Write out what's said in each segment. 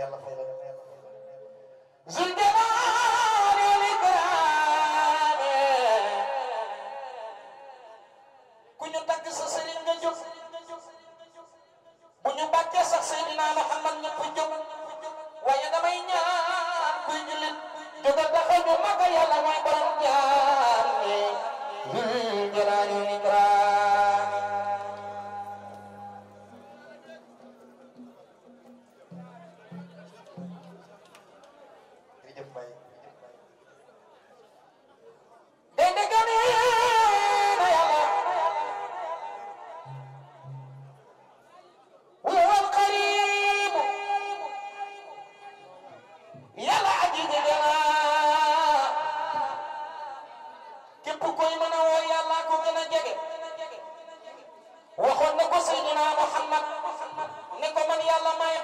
yàlla fay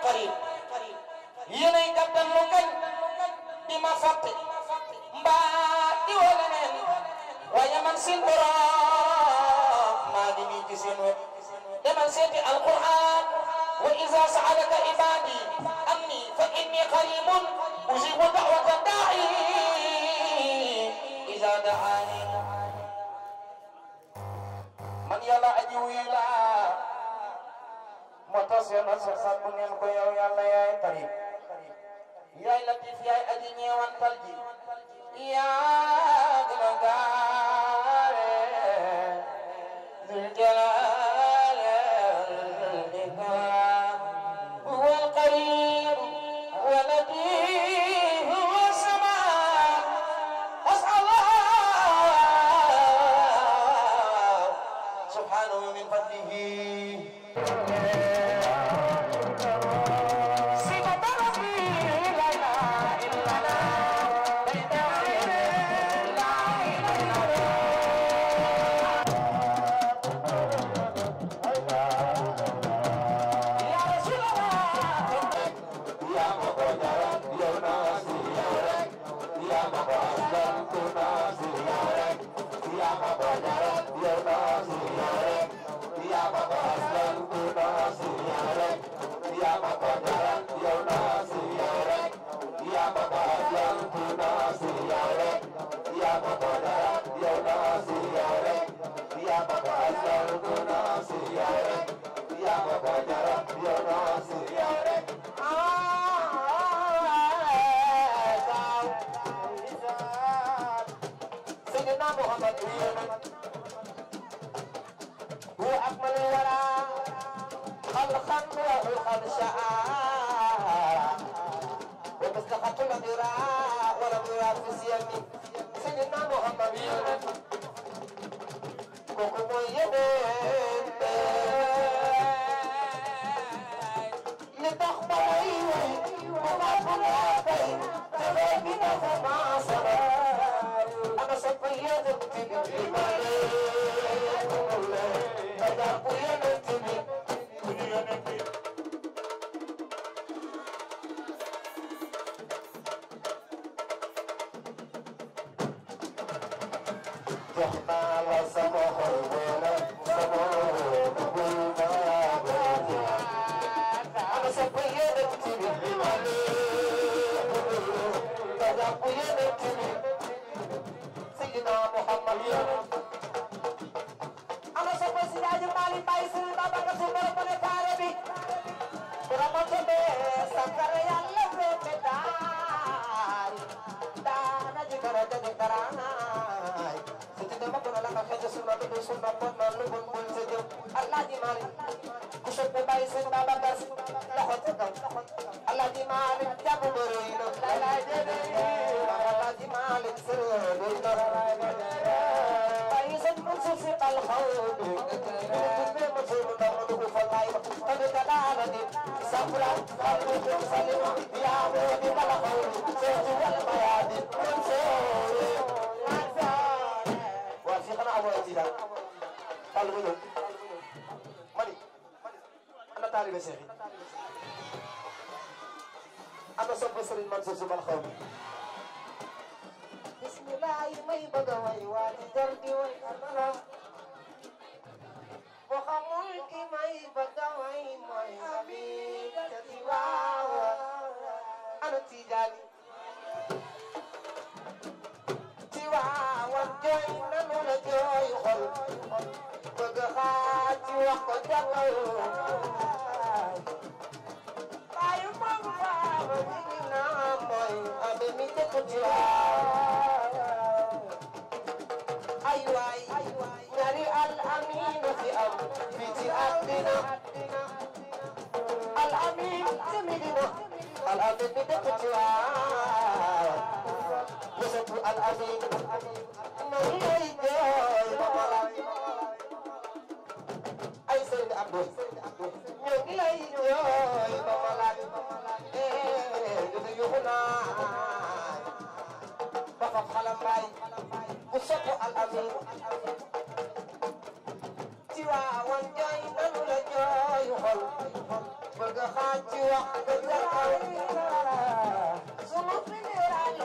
Karim yéenay gàttal mu kañ di ma fàtte mbaa di woo leneen waaye man seen borom maa ngi nii ci seen wet demal seeti alquran wa iza sa'alaka ibadi anni fa inni qaribun ujibu da'wata da'i iza da'ani man yàlla aji wuyu laa ma tas yoon ak sax sàkku ngeen ko yow yàlla yaay tarib yaay latif yaay aji ñeewantal ji yaa gën a gaare dul jalaal al ikraam wal qariib wa latif wa samaa as'allah subhanahu min fadlihi ولم يرى في سيامي Seydina Muhammad kooku mooy yeneen li tax ma way way ma tax ma bay te léegi dafa maa sabab ana sopp yéen bi ma lee ci sunna te bu sunna kon noonu lu bon bon sa jëf Alaaji Maalik ku sëpp bàyyi sëñ Babacar Si loxo ca kaw Alaaji Maalik jàpp ba rëy na laay Alaaji Maalik sër rëy na bàyyi sëñ Mansuur Si al xaw du tuddee ma suuru ndax ma dugg fa laay te du ka daana di safra xam ne jëm salima yaa moo di bala xaw di seetu eh. wal mayaa di man soore amoon ci daal tàll ba ñëw mani ana taalibe Seex yi ana sopp Sëriñ Mansour Sy Malxaw bi bismillahi may bëgg a way waa ci jar di way anala boo xamul ki may bëgg a way mooy abi ca Tiwaawan ana Tijaani jooy nanu la jooy xol bëgg xaat ci wax ko jàngal baayu moom baaba mi ngi naan mooy abe mi jëkk jooy ay waay ñaari al amin fi am fi ci àddina al amin ci midina al amin mi jëkk jooy وسط العزيز إنه يجاي بطلا أي سيد عبدو يوم يجاي بطلا يديهنا بفف خلم باي وسط العزيز Tiwaawan jaay nanu la jooy xol bëgg xaaj ci wax dëgg la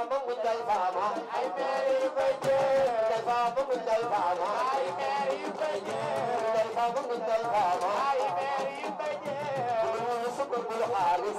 faama mu dal faama. ay meer yu koy jël. mu dal faama mu dal faama. ay meer yu koy jël. mu dal faama mu dal faama. ay meer yu koy jël. bu dul sukk bul xaalis.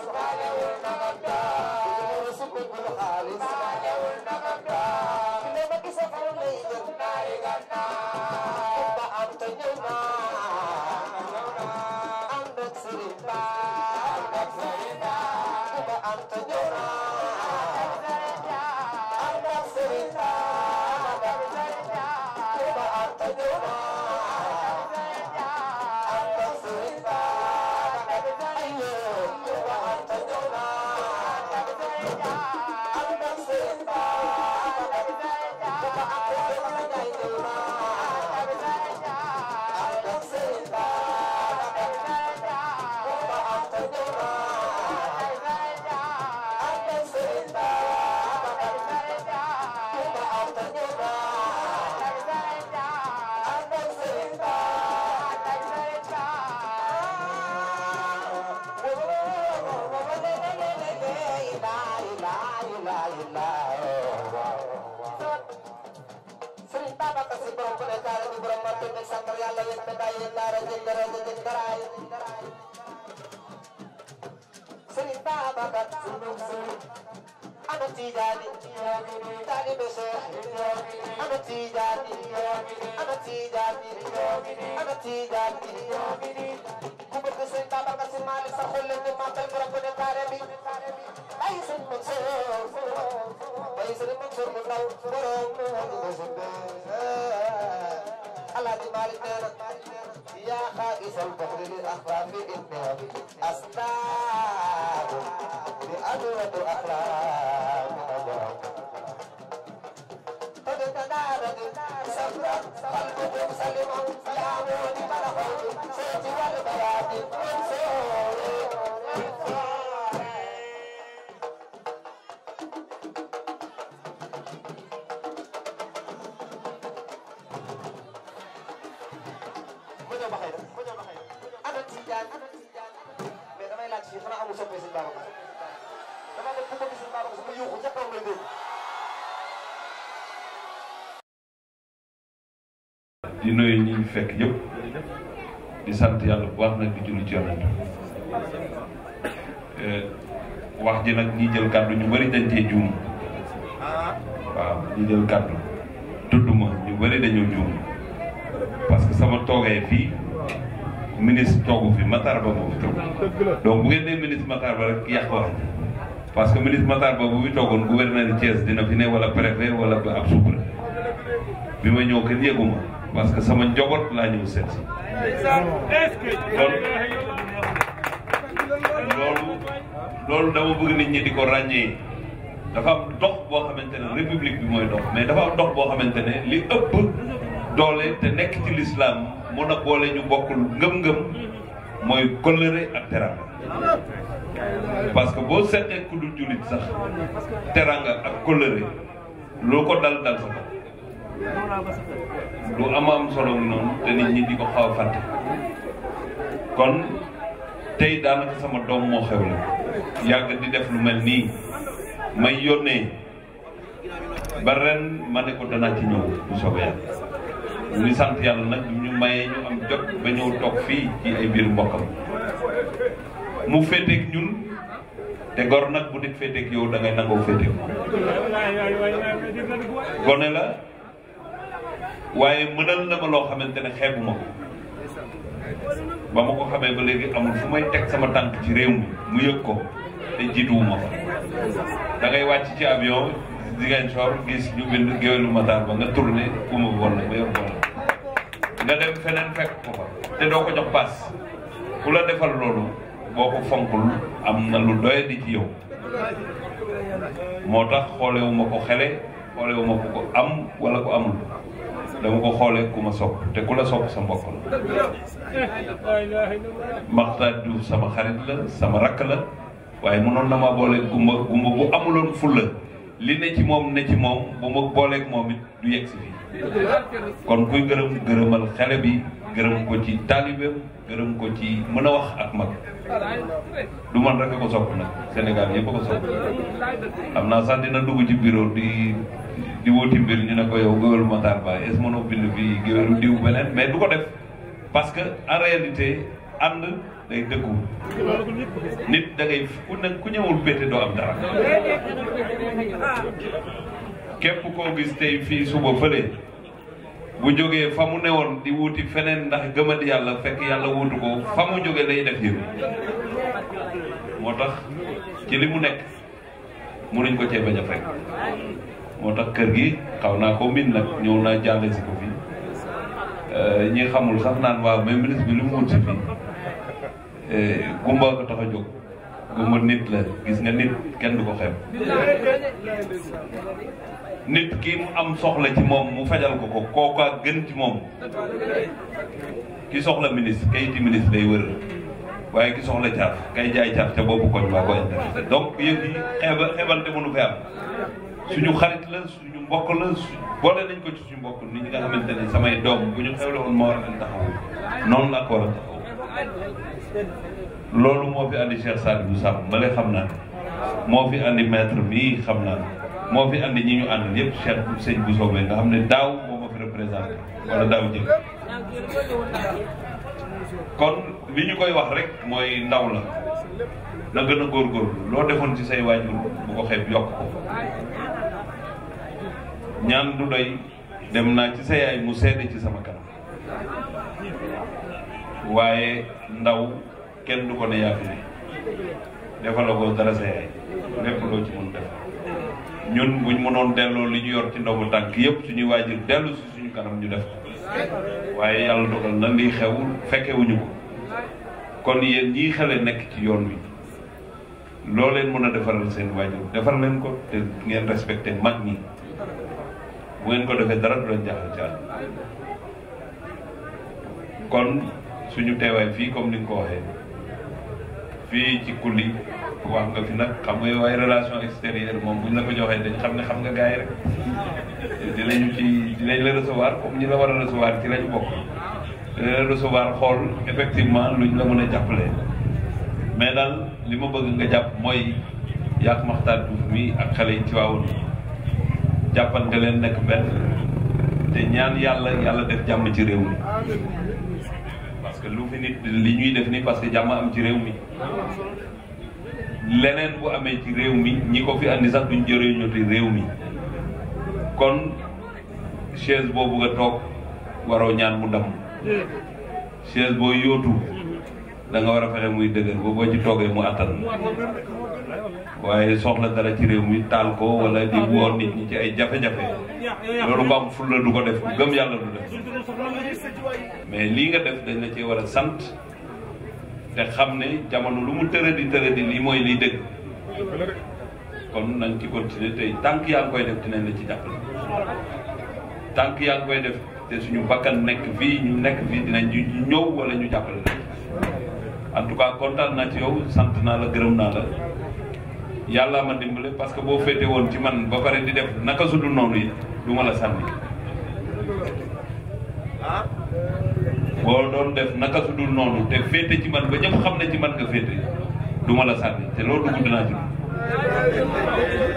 ci borom bu nekk daal di borom màtte bi sant yàlla yéen te bàyyi yéen daara jënd rajo jënd daraay. Sëriñ Babacar ana Tijaani taalibe Cheikh ana Tijaani ana Tijaani ana Tijaani ku bëgg Sëriñ Babacar Si Maalik sa xol leen di màttal borom bu nekk daara bi ay Sëriñ Mansour ay Sëriñ Mansour mu ndaw borom الحاج مالك يا خائز البحر للأخلاف إنهم أصنام بأدوة أخلاق قد تنارد سفرا قلبكم سلما يا عمود بلغوا di nuyu ñi ñu fekk ñëpp di sant yàlla wax baax nag di julli ci eh, wax ji nag ñi jël kàddu ñu bëri dañ cee juum waaw ñi jël kàddu tudd ma ñu bëri dañoo juum parce que sama toogee fii ministre fi Matar Ba moo fi toog donc bu ngeen nee ministre Matar Ba rek yàq wax parce que ministre Matar Ba bu fi toogoon gouverneur Thiès dina fi wala préfet wala ab sous-préfet bi ma ñëw kenn yëguma parce que sama njaboot laa ñëw seet si loolu loolu dama bëgg nit ñi di ko ràññee dafa am dox boo xamante ne république bi mooy dox mais dafa am dox boo xamante ne li ëpp doole te nekk ci lislaam mun a boole ñu bokkul ngëm-ngëm mooy kóllëre ak teranga parce que boo seetee ku dul jullit sax teranga ak kóllëre loo ko dal dal sa lu am am solo ngi noonu te nit ñi di ko xaw a kon tey daanaka sama doom moo xew la yàgg di def lu mel nii may yónnee ba ren ma ne ko danaa ci ñëw bu soobee yàlla ñu sant yàlla nag ñu mayee ñu am jot ba ñëw toog fii ci ay biir mbokkam mu féeteeg ñun te gor nag bu nit féeteeg yow da ngay nangoo féeteeg gone la waaye mënal na ma loo xamante ne xeebu ma ko ba ma ko xamee ba léegi amul fu may teg sama tànk ci réew mi mu yëg ko te jiituwuma fa da ngay wàcc ci avion Ziguinchor gis ñu bind géwélu Matar ba nga tourné ku ma na ba yor nga dem feneen fekk ko fa te doo ko jox paas ku la defal loolu boo ko fonkul am na lu doy di ci yow moo tax xoolewuma ko xele xoolewuma ko ko am wala ko amul dama ko xoolee ku ma sopp te ku la sopp sa mbokk la Maxtaar sama xarit la sama rakk la waaye mënoon na ma booleeg gumba gumba bu amuloon fulla li ne ci moom ne ci moom bu ma booleeg moom it du yegg si fii kon kuy gërëm gërëmal xale bi gërëm ko ci taalibeem gërëm ko ci mën a wax ak mag du man rek a ko sopp nag Sénégal yëpp a ko sopp xam naa sax dina dugg ci bureau di di wuti mbir ñu ko yow géwélu Matar Ba est-ce que mënoo bind bi géwélu diw beneen mais du ko def parce que en réalité ànd day dëggu nit da ku ne ku ñëwul pété doo am dara képp koo gis tey fii suba fële bu jógee fa mu newoon di wuti feneen ndax gëmadi yàlla fekk yàlla wutu ko fa mu jógee lay def yëpp moo tax ci li mu nekk mënuñ ko cee bañ fekk moo tax kër gi xaw naa ko min nag ñëw naa jàlle si ko fii euh, ñi xamul sax naan waaw mais ministre bi lu mu si fii euh, gumba ko tax a jóg gumba nit la gis nga nit kenn du ko xeeb nit kii mu am soxla ci moom mu fajal ko ko kooka gën ci moom ki soxla ministre kayiti ministre lay wër waaye ki soxla caaf kay jaay caaf ca boobu koñ waa koy donc yëf yi xeebal xeebal te mënu fi am suñu xarit la suñu mbokk la boole nañ ko ci suñu mbokk nit ñi nga xamante ne samay doom bu ñu xewle woon moo war a leen taxaw noonu laa ko war a taxaw loolu moo fi andi Cheikh Sadibou Samb ma lay xam naa moo fi andi maître bi xam naa moo fi andi ñi ñu àndal yëpp Cheikh sëñ bu soobee nga xam ne daaw moo ma fi représenté wala daaw jël kon li ñu koy wax rek mooy ndaw la na gën a góor loo defoon ci say waajur bu ko xeeb yokk ko ñaan du doy dem naa ci sa yaay mu seede ci sama kanam waaye ndaw kenn du ko ne yaa fi ne defalagoo dara sa yaay lépp loo ci mun def ñun buñ mënoon delloo li ñu yor ci ndogu tànk yëpp suñuy waajur dellu si suñu kanam ñu def ko waaye yàlla dogal na lii xew fekkewuñu ko kon yéen ñii xele nekk ci yoon wi loo leen mën a defaral seen waajur defar leen ko te ngeen respecté mag ñi bu ngeen ko defee dara du leen jaaxal ci kon suñu teewaay fii comme ni nga ko waxee fii ci kulli wax nga fi nag xam nga yow ay relation extérieure moom bu buñ la ko joxee dañ xam ne xam nga gars yi rek dinañu ci dinañ la recevoir comme ñi la war a recevoir ci lañ bokk dinañ la xool effectivement luñ la mën a jàppalee mais daal li ma bëgg nga jàpp mooy yàq maxtaan duuf mi ak xale yi ci waawoon jàppante leen nekk benn te ñaan yàlla yàlla def jàmm ci réew mi parce que lu fi nit li ñuy def ni parce que jàmm am ci réew mi leneen bu amee ci réew mi ñi ko fi andi sax duñ jëriñoti réew mi kon chaise boobu nga toog waroo ñaan mu damm chaise boo yootu danga war a fexe muy dëgër ba boo ci toogee mu attan waaye soxla dara ci réew mi taal ko wala di woor nit ñi ci ay jafe-jafe loolu ba am fulla du ko def bu gëm yàlla du def mais lii nga def dañ la ci war a sant te xam ne jamono lu mu tëradi tëradi lii mooy liy dëgg kon nañ ci continuer tey tànk yaa ngi koy def dinañ la ci jàppale tànk yaa ngi koy def te suñu bakkan nekk fii ñu nekk fii dinañ ñu ñëw wala ñu jàppale en tout cas kontaan naa ci yow sant naa la gërëm naa la yàlla ma dimbale parce que boo féete woon ci man ba pare di def naka su dul noonu yi du ma la sànni boo doon def naka su dul noonu te féete ci man ba ñëpp xam ne ci man nga féete du ma la sànni te loolu dugg dinaa ci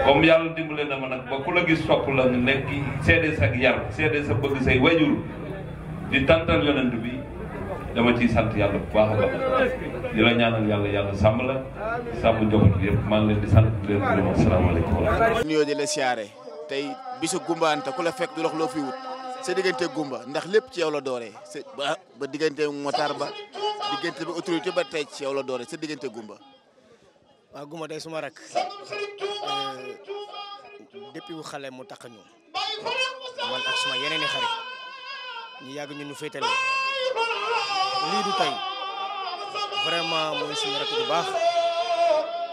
comme yàlla dimbale na ma nag ba ku la gis sopp la nekk seede sa yar seede sa bëgg say wajur di tantal yonent bi dama ciy sant yàlla bu baax a baax di yàlla yàlla la sàmm njaboot bi yëpp maa leen di sant di leen gërëm asalaamaaleykum wa rahmatulah. nuyoo di la siyaare tey bisu gumbaante ku la fekk du lox loo fi wut sa diggante gumba ndax lépp ci yow la dooree ba ba diggante motar ba diggante ba autorité ba tey ci yow la dooree sa diggante gumba. waaw gumba tey suma rak euh, depuis xale mu tax ñu ñëw man suma yeneen i xarit ñu yàgg ñu ñu féetale lii du tey vraiment mooy suñu rakk bu baax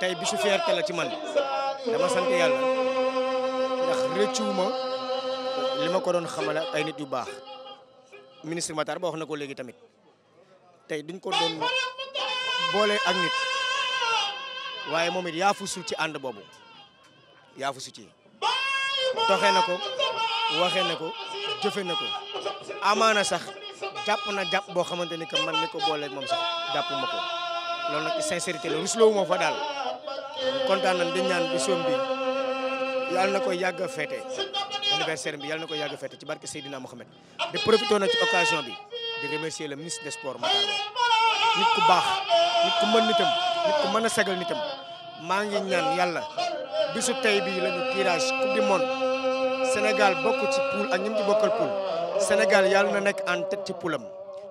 tey bi su fierté la ci man dama sant yàlla ndax rëccuwuma li ma ko doon xamale ay nit yu baax ministre Matar ba wax na ko léegi tamit tey duñ ko doon boole ak nit waaye moom it yaafu su ci ànd boobu yaafu su ci doxee na ko waxee na ko jëfe na ko amaana sax jàpp na jàpp boo xamante ni que man mi ko booleeg moom sax jàpp ma ko loolu nag sincérité la rusloo moo fa daal kontaan nañ di ñaan bi soom bi yàlla na koy yàgg a féete anniversaire bi yàlla na koy yàgg a féete ci barke Seydina Mohamed di profité na ci occasion bi di remercier le ministre de sports Matar nit ku baax nit ku mën nitam nit ku mën a sagal nitam maa ngi ñaan yàlla su tey bii lañu tirage coupe du monde Sénégal bokk ci poule ak ñi mu bokkal poule Sénégal yàlla na nekk en ci poulam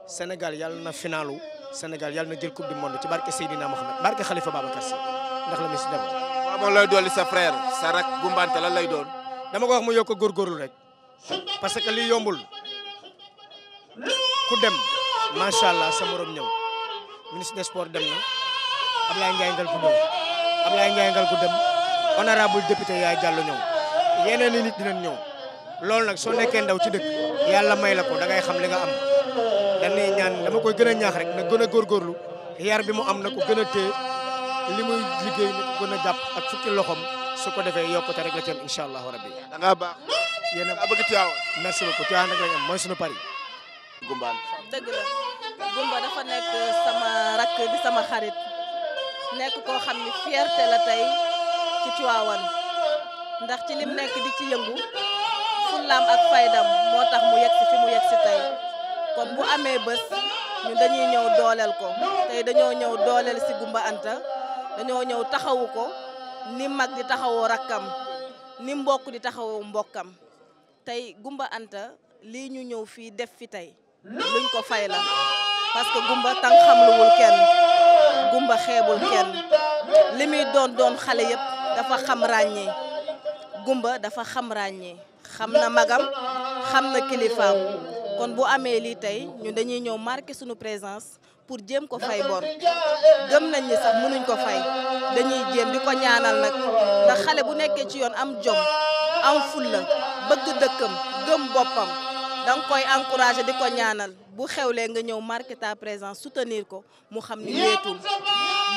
Sénégal yàlla na finalu Sénégal yàlla na jël coupe du monde ci barke Seydina Mohamed barke Khalifa Babacar Sy ndax la Messi dem. sa frère sa rak gumbante lan lay doon. dama ko wax mu yokk góorgóorlu rek parce que li yombul ku dem macha allah sa morom ñëw ministre des sports dem na Ablaye Ndiaye ngal ku dem Ablaye Ndiaye ngal ku dem honorable député Yaay Diallo ñëw yeneen i nit dinañ ñëw. loolu nag soo nekkee ndaw ci dëkk yàlla may la ko da xam li nga am dañuy ñaan dama koy gën a ñaax rek na gën a góorgóorlu yar bi mu am na ko gën a téye li mu liggéey na ko gën a jàpp ak fukki loxoom su ko defee yokkute rek la ci am incha allahu rabbi da ngaa baax yéen a bëgg Tiwaawan merci beaucoup Tiwaawan nag lañ am mooy suñu pari gumbaan dëgg la gumba dafa nekk sama rakk di sama xarit nekk ko xam ni fierté la tey ci Tiwaawan ndax ci lim nekk bi ci yëngu fullaam ak moo tax mu yegg bu amee bés dañuy ñëw dooleel ko dañoo ñëw dooleel si Gumba Anta dañoo ñëw taxawu ko ni mag di taxawoo rakkam ni mbokk di taxawoo mbokkam tey Gumba Anta lii ñu ñëw fii def fi tey luñ ko fay la parce que Gumba tan xamluwul kenn Gumba xeebul kenn li muy doon doon xale yëpp dafa xam ràññee Gumba dafa xam ràññee xam na magam xam na kilifaam kon bu amee lii tey ñu dañuy ñëw marqué suñu présence pour jéem ko fay bor gëm nañ ni sax mënuñ ko fay dañuy jéem di ko ñaanal nag ndax xale bu nekkee ci yoon am jom am fulla bëgg dëkkam gëm boppam da nga koy encouragé di ko ñaanal bu xewlee nga ñëw marqué ta présence soutenir ko mu xam ni wéetul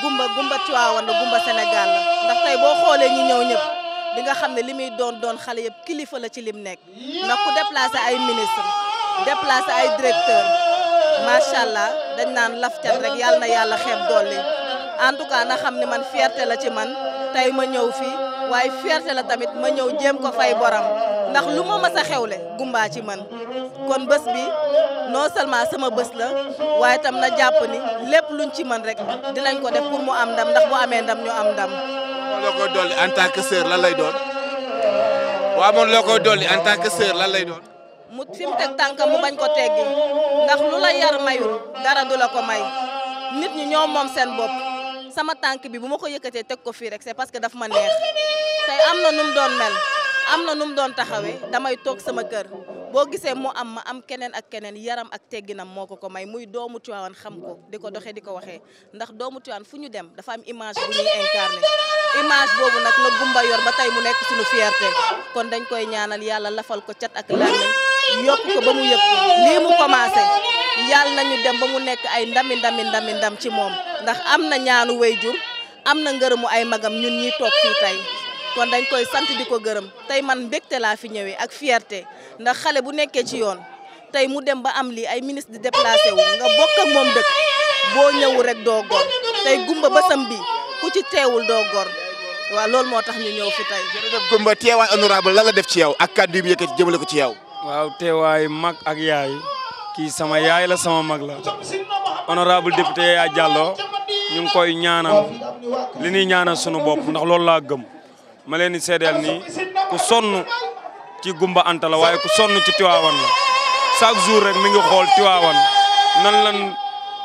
gumba gumba Tiwaawan la gumba Sénégal la ndax tey boo xoolee ñi ñëw ñëpp bi nga xam ne li muy doon doon xale yëpp kilifa la ci lim nekk ndax ku déplacé ay ministre déplacé ay directeur macha allah dañ naan laf cat rek yàlla na yàlla xeeb dolli en tout cas na xam ne man fierté la ci man tey ma ñëw fii waaye fierté la tamit ma ñëw jéem ko fay boram ndax lu ma mës a xewle gumbaa ci man kon bés bi non seulement sama bés la waaye tam na jàpp ni lépp luñ ci man rek dinañ ko def pour mu am ndam ndax mu amee ndam ñu am ndam loo koy dolli en tant que sœur lan lay doon boo amoon loo koy dolli en tant que sœur lan lay doon. mu fi mu teg tànkam mu bañ ko teggi ndax lu la yar mayul dara du la ko may nit ñi ñoo moom seen bopp sama tànk bi bu ma ko yëkkatee teg ko fii rek c'est parce que daf ma neex tey am na nu doon mel am na nu doon taxawee damay toog sama kër. boo gisee mu am ma am keneen ak keneen yaram ak tegginam moo ko ko may muy doomu Tiwaawan xam ko di ko doxee di ko waxee ndax doomu Tiwaawan fu ñu dem dafa am image bu ñuy incarné image boobu nag la gumba yor ba tey mu nekk suñu fierté kon dañ koy ñaanal yàlla lafal ko cat ak làmmiñ yokk ko ba mu yëg lii mu commencé yàlla nañu dem ba mu nekk ay ndami ndami ndami ndam ci moom ndax am na ñaanu jur am na ngërëmu ay magam ñun ñiy toog fii tey kon dañ koy sant di ko gërëm tey man mbégte laa fi ñëwee ak fierté ndax xale bu nekkee ci yoon tey mu dem ba am lii ay ministre di déplacé wu nga bokk ak moom dëkk boo ñëwu rek doo gor tey gumba basam bi ku ci teewul doo gor waaw loolu moo tax ñu ñëw fi tey. jërëjëf gumba teewaay honorable lan la def ci yow ak kaddu yi mu yëkkati jëmale ko ci yow. waaw teewaay mag ak yaay kii sama yaay la sama mag la honorable député Yaya Diallo ñu ngi koy ñaanal li ñuy ñaanal sunu bopp ndax loolu laa gëm. ma leen di seedeel nii ku sonn ci Gumba Anta la waaye ku sonn ci Tiwaawan la chaque jour rek mi ngi xool Tiwaawan nan lan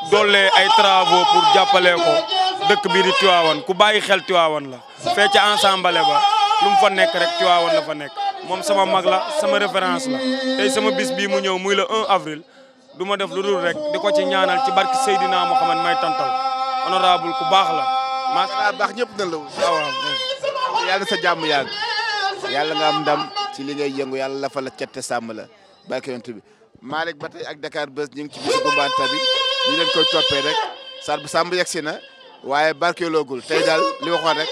doolee ay travaux pour jàppale ko dëkk bii di Tiwaawan ku bàyyi xel Tiwaawan la fee ca ensemble ba lu mu fa nekk rek Tiwaawan la fa nekk moom sama mag la sama référence la tey sama bis bii mu ñëw muy le 1 avril du ma def lu dul rek di ko ci ñaanal ci barki Seydina Mouhamad may tantal honorable ku baax la. macha allah baax ñëpp na la yàlla sa jàmm yàgg yàlla na am ndam ci li ngay yàlla la cet sàmm la barke yonent bi Malick ba tey ak Dakar Buzz ñu ngi ci bisu Koumbaanta bi ñu leen koy rek sar bu sàmm yegg si na waaye barkeeloogul tey daal li waxoon rek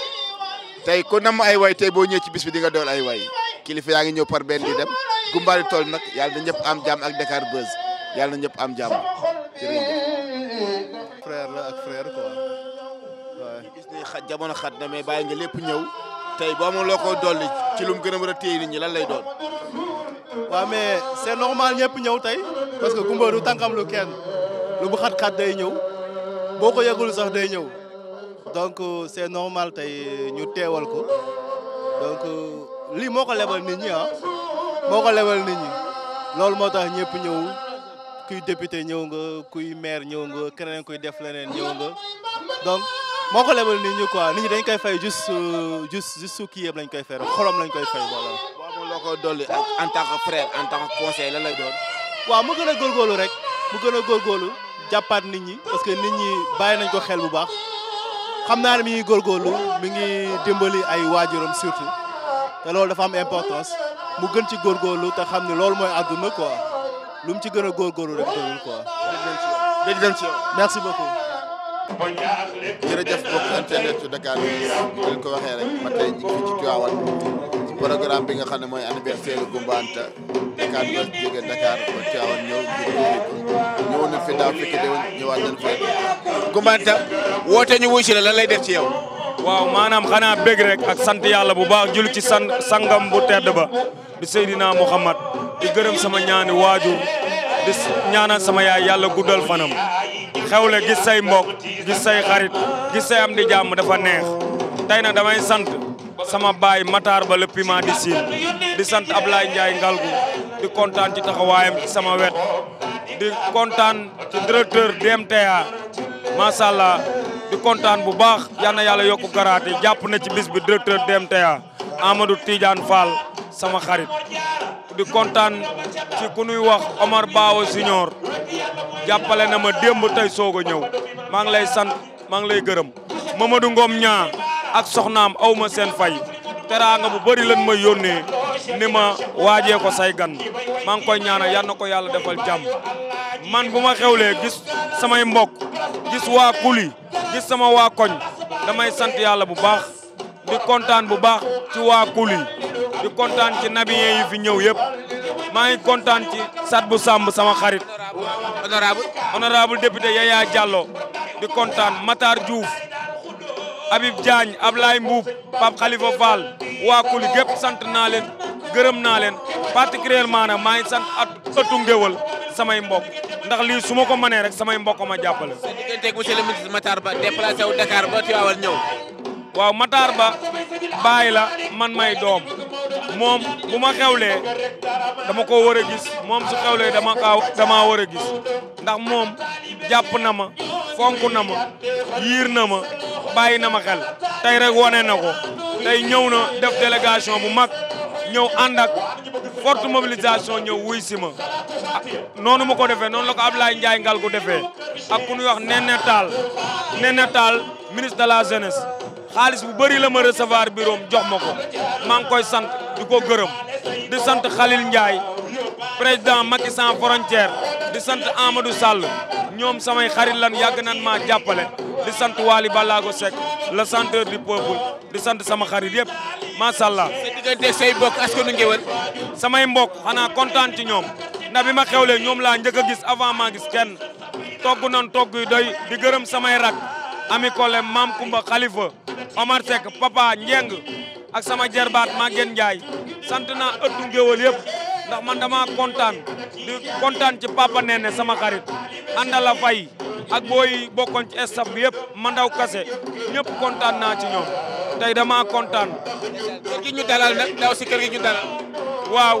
tey ku nam ay way tey boo ñëwee ci bis bi di nga dool ay way kilifa yaa ngi ñëw par benn di dem gumbaali tool nag yàlla na ñëpp am jàmm ak Dakar Buzz yàlla na ñëpp am jàmm jërëjëf frère la ak frère na mais bàyyi nga lépp ñëw tey boo amul ko dolli ci lu mu gën a mën a téye nit ñi lan lay doon. waaw mais c'est normal ñëpp ñëw tey parce que Coumba du tànkam lu kenn lu bu xat-xat day ñëw boo ko yëgul sax day ñëw donc euh, c'est normal tey ñu teewal ko donc euh, lii moo ko lebal nit ñi ah moo lebal nit ñi loolu moo tax ñëpp ñëw kuy député ñëw nga kuy maire ñëw nga keneen kuy def leneen ñëw nga moo ko lebal nit ñi quoi nit ñi dañ koy fay juste juste juste su kii yëpp lañ koy fay rek xolam lañ koy fay voilà. boo amoon loo ko dolli en tant que frère en tant que conseil lan lay doon. waaw mu gën a góorgóorlu rek mu gën a góorgóorlu jàppaat nit ñi parce que nit ñi bàyyi nañ ko xel bu baax xam naa ne mi ngi góorgóorlu mi ngi dimbali ay waajuram surtout te loolu dafa am importance mu gën ci góorgóorlu te xam ne loolu mooy àdduna quoi lu mu ci gën a góorgóorlu rek doyul quoi. merci beaucoup. jërëjëf mbokk internet yu Dakar yi di leen ko waxee rek ba tey ñu ngi ci Tivaouane ci programme bi nga xam ne mooy anniversaire Goumba Anta Dakar ba jóge Dakar ba Tivaouane ñëw ñëwoon nañ fi daaw fekk déwén ñëwaat nañ fi woote ñu wuy si la lan lay def ci yow. waaw maanaam xanaa bëgg rek ak sant yàlla bu baax jul ci san sangam bu tedd ba di Seydina Muhammad di gërëm sama ñaani waajur di ñaanal sama yaay yàlla guddal fanam. xewle gis say mbokk gis say xarit gis di jàmm dafa neex tey na damay sant sama baay Matar Ba le piment di siin di sant Ablaye Ndiaye Ngalgu di kontaan ci taxawaayam ci sama wet di kontaan ci directeur DMTA macha allah di kontaan bu baax yal na yàlla yokku garaate jàpp na ci bis bi directeur DMTA Amadou Tidiane Fall sama xarit di kontaan ci ku nuy wax Omar Bawo Junior jàppale na ma démb tey soog ñëw maa ngi lay sant maa ngi lay gërëm Mamadou Ngom ñaa ak soxnaam aw ma seen fay teraanga bu bëri lan ma yónnee ni ma waajee ko say gan maa ngi koy ñaanal yal na ko yàlla defal jàmm man bu ma xewle gis samay mbokk gis waa kuli gis sama waa koñ damay sant yàlla bu baax di kontaan bu baax ci waa kuli di kontaan ci nabiyen yi fi ñëw yëpp maa ngi kontaan ci bu Samb sama xarit. honorable honorable député Yaya Diallo di kontaan Matar Diouf Habib Diagne Ablaye Mbuub Pape Khalifa Fall waa Kuli gépp sant naa leen gërëm naa leen particulièrement nag maa ngi sant at ëttu ngéwal samay mbok ndax lii su ma ko mënee rek samay mbokk ma jàppale. sa digganteeg monsieur Ba déplacé wu Dakar waaw Matar Ba bàyyi la man may doom. moom bu ma xewlee dama ko war a gis moom su dama kaa dama war a gis ndax moom jàpp na ma fonk na ma yiir na ma bàyyi na ma xel tey rek wane na ko tey ñëw na def délégation bu mag ñëw ànd ak forte mobilisation ñëw wuy si ma noonu ma ko defee noonu la ko Abdoulaye Ndiaye ngal ko defe ak ku ñuy wax Néné Tall Néné Tall ministre de la jeunesse xaalis bu bëri la ma recevoir bureau jox ma ko maa ngi koy sant di ko gërëm di sant Khalil Ndiaye président Macky sans frontière di sant Amadou Sall ñoom samay xarit lan yàgg nan maa jàppale di sant Waly Ballago Seck le centre du peuple di sant sama xarit yëpp macha allah. samay mbokk xanaa kontaan ci ñoom ndax bi ma xewlee ñoom laa njëk a gis avant ma gis kenn togg nan togg yu doy di gërëm samay rak ami kole maam Kumba Khalifa Omar Seck papa Njeng ak sama jerbaat Maguette Ndiaye sant na ëttu ngéwël yëpp ndax man dama kontaan di kontaan ci papa Nene sama xarit Andala Faye ak booy bokkoon ci staff bi yëpp mandaw kase ñëpp kontaan naa ci ñoom tey dama kontaan. kër ñu dalal nag daw si kër dalal. waaw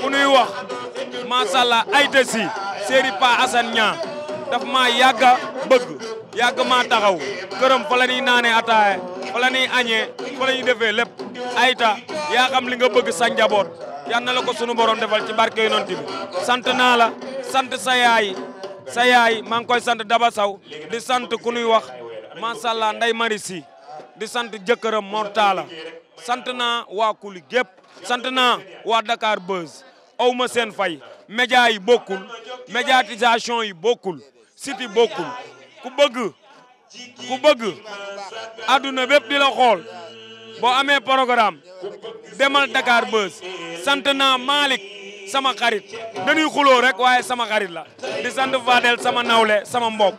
ku nuy wax macha allah ay desi Serigne Pa Assane Niang daf ma yàgg a bëgg. yàgg maa taxaw këram fa la ñuy naanee ataaye fa la ñuy añee fa la ñuy defee lépp yaa xam li nga bëgg sa njaboot yal na la ko sunu borom defal ci barke yonent bi sant naa la sant sa yaay sa yaay maa ngi koy sant Daba Saw di sant ku nuy wax macha allah Ndeye Marie Sy di sant jëkkëram Mortala sant naa waa Kuli gépp sant naa waa Dakar Buzz aw seen fay média yi bokkul médiatisation yi bokkul site yi ku bëgg ku bëgg adduna bépp di la xool boo amee programme demal Dakar Buzz sant naa Malick sama xarit dañuy xuloo rek waaye sama xarit la di sant Fadel sama nawle sama mbok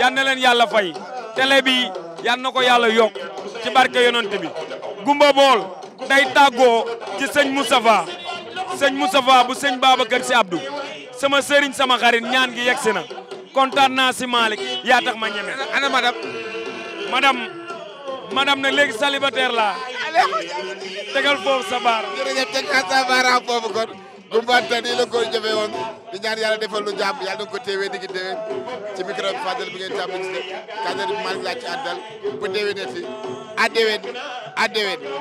yal na leen yàlla fay te bi yan na ko yàlla yokk ci barke yonent bi gumba bool day tàggoo ci sëñ Moustapha sëñ Moustapha bu sëñ baa ba Babacar si Abdou sama sëriñ sama xarit ñaan gi yegsi na kontaan naa si Malick yaa tax ma ñeme. ana madame. madame madame nag léegi célibataire laa. tegal foofu sa baar. jërëjëf sa baaraam foofu kon. Gumbanta nii la ko jëfee woon di ñaan yàlla defal lu jàmm yàlla na ko téewee di ngi déwee ci micro bi Fadel bi ngeen jàpp ci kaddu bi Malick laa ci àddal bu déwénee a à déwén à